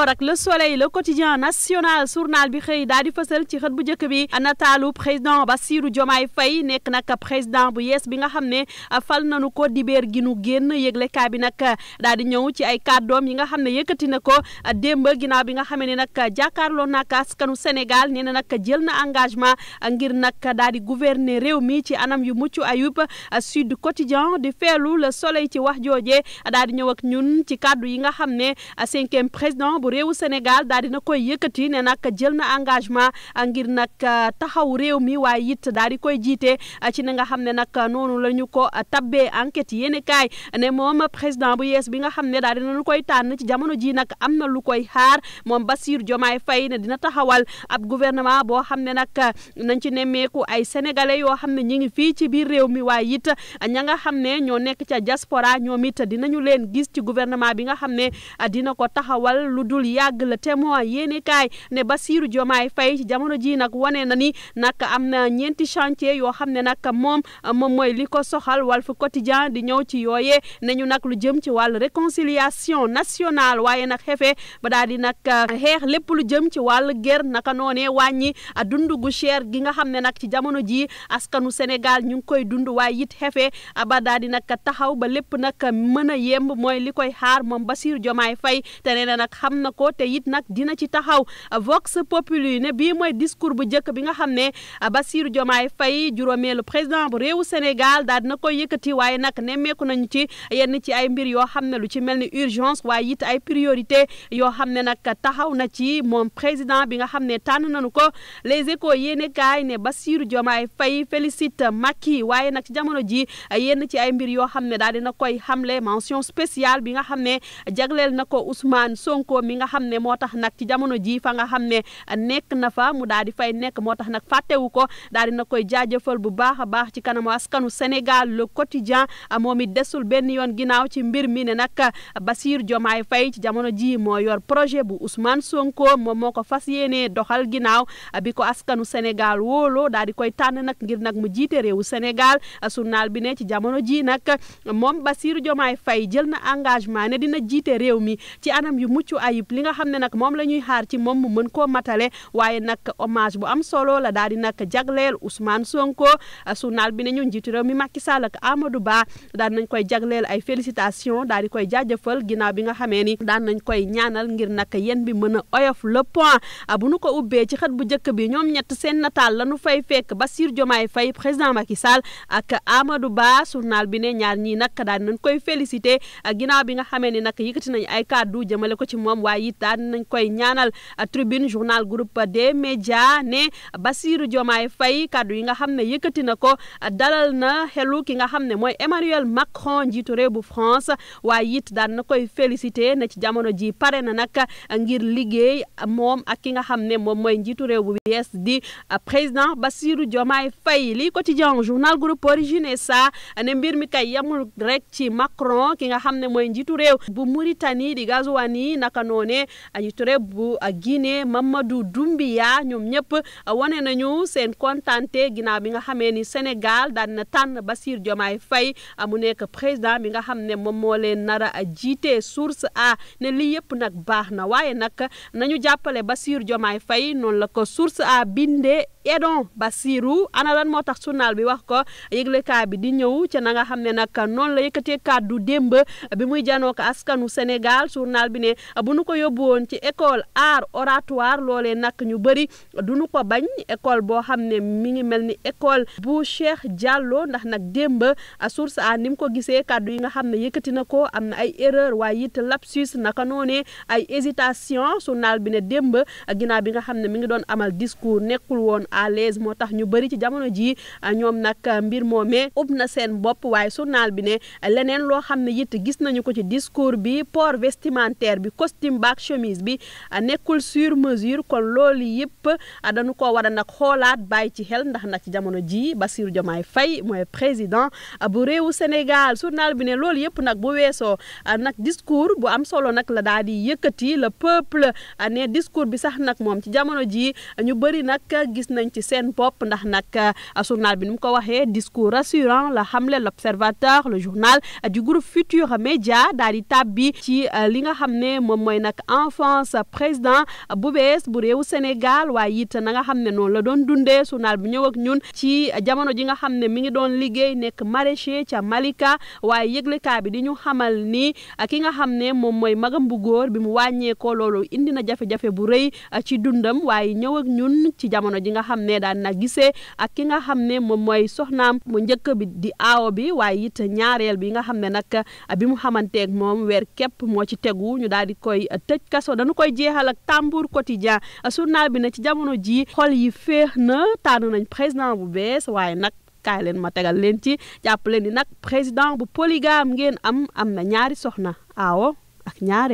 door ak le soleil le quotidien national journal bi xëy daal di fësal ci xët bu jëkk bi nataalu président Bassirou Diomaye Faye nekk nag président bu yees bi nga xam ne fal nañu ko dibeer gi nu génn yëglekaay bi nag daal di ñëw ci ay kaddoom yi nga xam ne yëkkati na ko démb ginnaaw bi nga xamee ne nag jàkkaarloo nag kanu Sénégal nee na nag jël na engagement a ngir nag daal di gouverner réew mi ci anam yu mucc ayub Sud Quotidien di feelu le soleil ci wax jooje daal di ñëw ak ñun ci kàddu yi nga xam ne cinquième réewu Sénégal daal dina koy yëkkati ne nag jël na engagement ngir nag euh, taxaw réew mi waaye it daal di koy jiite euh, ci na nga xam ne nag euh, noonu la ñu ko tabbee enquête yéen kaay ne moom président bu yees bi nga xam ne daal dinañu koy tànn ci jamono ji nag am na lu koy xaar moom Bassirou Diomaye Faye ne dina taxawal ab gouvernement boo xam ne nag nañ ci nemmeeku ay sénégalais yoo xam ne ñu ngi fii ci biir réew mi waaye it ña nga xam ne ñoo nekk ca diaspora ñoom it dinañu leen gis ci gouvernement bi nga xam ne dina ko taxawal dul yàgg la témoin yéene kaay ne Bassirou Diomaye Faye ci jamono ji nag wane na ni nag am na ñeenti chantier yoo xam ne nag moom moom mooy li ko soxal Walf Quotidien di ñëw ci yooyee ne ñu nag lu jëm ci wàllu réconciliation nationale waaye nag xefe ba daal di nag euh, xeex lépp lu jëm ci wàllu guerre naka noone wàññi dund gu cher gi nga xam ne nag ci jamono ji askanu Sénégal ñu ngi koy dund waaye it xefe ba daal di nag taxaw ba lépp nag mën a yemb na ko te it nag dina ci taxaw Vox Populi ne bii mooy discours bu njëkk bi nga xam ne Bassirou Diomaye Faye juróomeelu président bu réewu Sénégal daal dina koy yëkkati waaye nag nemmeeku nañu ci yenn ci ay mbir yoo xam ne lu ci mel ni urgence waaye it ay priorité yoo xam ne nag taxaw na ci moom président bi nga xam ne tànn nañu ko les échos yéene kaay ne Bassirou Diomaye Faye félicite Macky waaye nag ci jamono ji yenn ci ay mbir yoo xam ne daal dina koy xamle mention spéciale bi nga xam ne nga xam ne moo tax nag ci jamono jii fa nga xam ne nekk na fa mu daal di fay nekk moo tax nag fàttewu ko daal di na koy jaajëfal bu baax a baax ci kanamu askanu Sénégal le quotidien moom it desul benn yoon ginnaaw ci mbir mi ne nag Bassirou Diomaye fay ci jamono jii moo yor projet bu Ousmane Sonko moom moo ko fas yéenee doxal ginnaaw bi ko askanu Sénégal wóoloo daal di koy tànn nag ngir nag mu jiite réewu Sénégal surnaal bi ne ci jamono jii nag moom Bassirou Diomaye Faye jël na engagement ne dina jiite réew mi ci anam yu mucc ayib li nga xam ne nag moom la ñuy xaar ci moom mu mën koo matale waaye nag hommage bu am solo la daal nakk jagleel Ousmane Sonko journal bi ne ñu njiitu réew mi Macky Sall ak Amadou Ba daan nañ koy jagleel ay félicitations daal di koy jaajëfal ginnaaw bi nga xamee ni daan nañ koy ñaanal ngir nag yéen bi mën a oyof le point bu nu ko ubbee ci xët bu njëkk bi ñoom ñett seen nataal la nu fay fekk Bassirou Diomaye Faye président Macky Sall ak Amadou Ba journal bi ne ñaar ñii nag daal di nañ koy félicité ginnaaw bi nga xamee ni nag yëkkati nañ ay kàddu jamale ko ci moom waaye yi daan nañ koy ñaanal tribune journal groupe des médias ne Bassirou Diomaye fay kàddu yi nga xam ne yëkkati na ko dalal na xelu ki nga xam ne mooy Emmanuel Macron njiitu réew bu France waaye it daan na koy félicité na ci jamono ji pare na nag ngir liggéey moom ak ki nga xam ne moom mooy njiitu réew bu bees di président Bassirou Diomaye Faye li quotidien journal groupe origine sa ne mbir mi kay yamul rek ci Macron ki nga xam ne mooy njiitu réew bu Mauritanie di Gazouani naka noonu ne Agitore bu Guinée Mamadou Doumbia ñoom ñëpp uh, wane nañu seen kontante ginnaaw bi nga xamee ni Sénégal daan na tànn Bassirou Diomaye Faye uh, mu nekk président bi nga xam ne moom moo leen nar a jiite source a ne lii yëpp nag baax na waaye nag nañu jàppale Bassirou Diomaye Faye noonu la ko source a bindee edon Bassirou ana moo tax journal bi wax ko yëglekaay bi di ñëw ca na nga xam ne nag noonu la kàddu démb bi muy janook askanu Sénégal journal bi ne uh, bu nu ko yóbbu woon ci école art oratoire loolee nag ñu bëri du ñu ko bañ école boo xam ne mi ngi mel ni école bu Cheikh Diallo ndax nag démb a source a ni mu ko gisee kàddu yi nga xam ne yëkkati na ko am na ay erreur waaye it lapsus naka noonee ay hésitation journal bi ne démb ginnaaw bi nga xam ne mu ngi doon amal discours nekkul woon à l'aise moo tax ñu bëri ci jamono jii ñoom nag mbir moomee ub na seen bopp waaye journal bi ne leneen loo xam ne it gis nañu ko ci discours bi port baak chemise bi nekkul sur mesure kon loolu yëpp dañu ko war a nag xoolaat bàyyi ci xel ndax nag ci jamono ji Bassirou Diomaye fay mooy président bu réewu Sénégal journal bi ne loolu yëpp nag bu weesoo nag discours bu am solo nag la daal di la le peuple ne discours bi sax nag moom ci jamono ji ñu bëri nag gis nañ ci seen pop ndax nag journal bi ni mu ko waxee discours rassurant la xamle l'observateur le journal du di tàbbi ci li nga xam ne nag enfance président bu bees bu réew Sénégal waaye it na nga xam ne noonu la doon dundee journal bi ñëw ak ñun ci jamono ji nga xam ne mi ngi doon liggéey nekk maraîcher ca Malika waaye yëglekaa bi di ñu xamal ni ah, ki nga xam ne moom mooy magam bu góor bi mu wàññeekoo loolo indi na jafe-jafe bu rëy ah, ci dundam waaye ñëw ak ñun ci jamono ji nga xam ne daan na gisee ak ah, ki nga xam ne moom mooy soxnaam mu njëkk bi di aawo bi waaye it ñaareel bi nga xam ne nag bi mu xamanteeg moom weer képp moo ci tegu ñu daal di koy tëj kaso dañu koy jeexal ak Tambour quotidien journal bi na ci jamono jii xol yi feex na tànn nañ président bu bees waaye nag kaay leen ma tegal leen ci jàpp leen di nag président bu polygame ngeen am am na ñaari soxna aawo ak ñaari